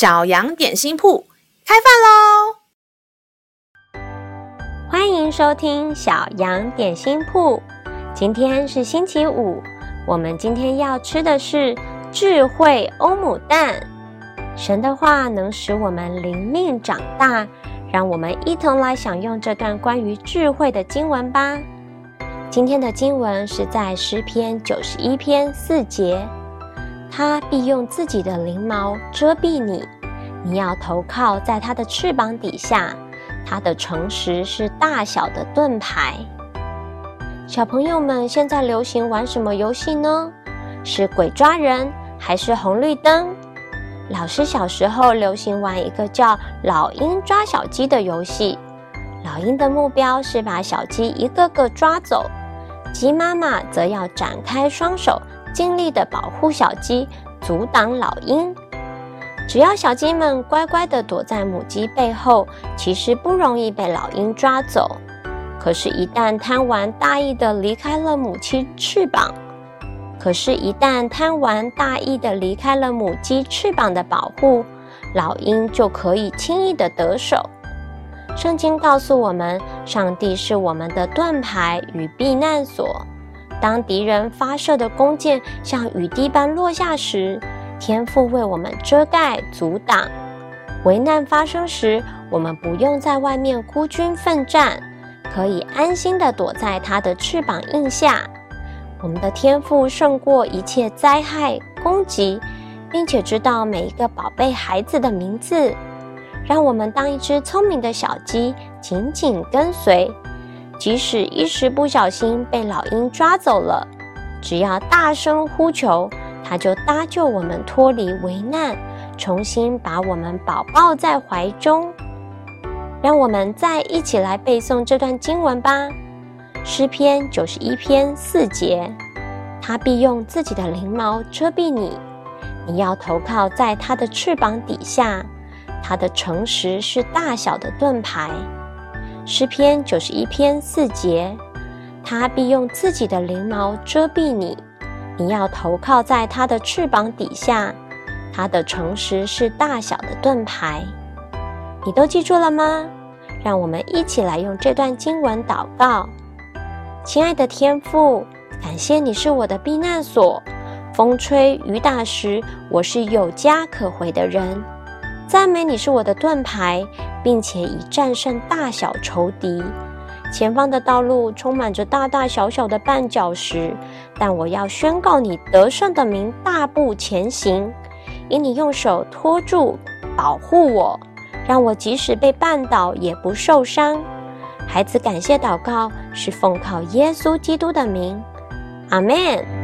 小羊點心鋪開飯嘍！歡迎收聽小羊點心鋪。今天是星期五，我們今天要吃的是智慧歐姆蛋。神的話能使我們靈命長大，讓我們一同來享用這段關於智慧的經文吧。今天的經文是在詩篇九十一篇四節，他必用自己的翎毛遮蔽你。你要投靠在他的翅膀底下，他的誠實是大小的盾牌。小朋友們現在流行玩什麼遊戲呢？是鬼抓人，還是紅綠燈？老師小時候流行玩一個叫“老鷹抓小雞”的遊戲，老鷹的目標是把小雞一個個抓走，雞媽媽則要展開雙手，盡力的保護小雞，阻擋老鷹。只要小雞們乖乖地躲在母雞背後，其實不容易被老鷹抓走。可是，一旦貪玩大意地離開了母雞翅膀，可是一旦貪玩大意地離開了母雞翅膀的保護，老鷹就可以輕易地得手。聖經告訴我們，上帝是我們的盾牌與避難所。當敵人發射的弓箭像雨滴般落下時，天父為我們遮蓋、阻擋，危難發生時，我們不用在外面孤軍奮戰，可以安心的躲在它的翅膀蔭下。我們的天父勝過一切災害攻擊，並且知道每一個寶貝孩子的名字，讓我們當一隻聰明的小雞，緊緊跟隨，即使一時不小心被老鷹抓走了，只要大聲呼求。他就搭救我們脫離危難，重新把我們保抱在懷中，讓我們再一起來背誦這段經文吧。詩篇九十一篇四節，他必用自己的翎毛遮蔽你，你要投靠在他的翅膀底下，他的誠實是大小的盾牌。詩篇九十一篇四節，他必用自己的翎毛遮蔽你。你要投靠在他的翅膀底下，他的誠實是大小的盾牌。你都記住了嗎？讓我們一起來用這段經文禱告。親愛的天父，感謝你是我的避難所，風吹雨打時，我是有家可回的人。讚美你是我的盾牌，並且已戰勝大小仇敵。前方的道路充滿着大大小小的絆腳石。但我要宣告你得勝的名，大步前行，因你用手托住保護我，讓我即使被絆倒也不受傷。孩子感謝禱告，是奉靠耶穌基督的名，阿門。